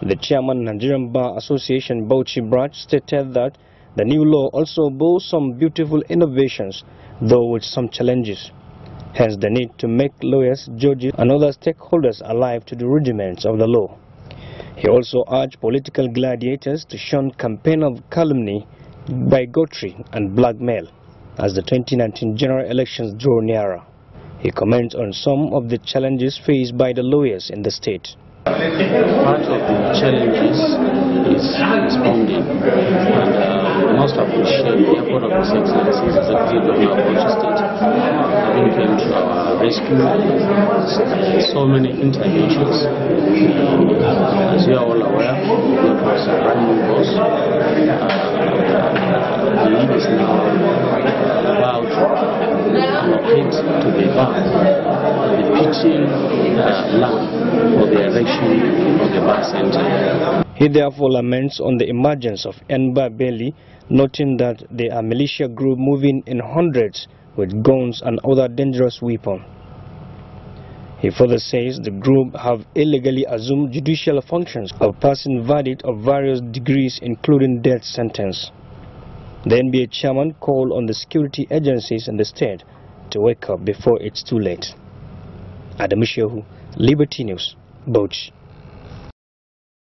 The chairman Nigerian Bar Association Bauchi branch stated that the new law also bore some beautiful innovations, though with some challenges. Hence the need to make lawyers, judges and other stakeholders alive to the rudiments of the law. He also urged political gladiators to shun campaign of calumny, bigotry and blackmail as the 2019 general elections draw nearer. He comments on some of the challenges faced by the lawyers in the state. Part of the challenges is responding, and uh, most of which the airport of this excellence is exactly on our culture state. Having came to our rescue, so many interventions. As you are all aware, the was a running course. Uh, is now about to be back uh, for the erection of the bus center. He therefore laments on the emergence of Enba Bailey, noting that they are militia group moving in hundreds with guns and other dangerous weapons. He further says the group have illegally assumed judicial functions of passing verdict of various degrees including death sentence. The NBA chairman called on the security agencies in the state to wake up before it's too late. Adamu Shehu, Liberty News, Bauchi.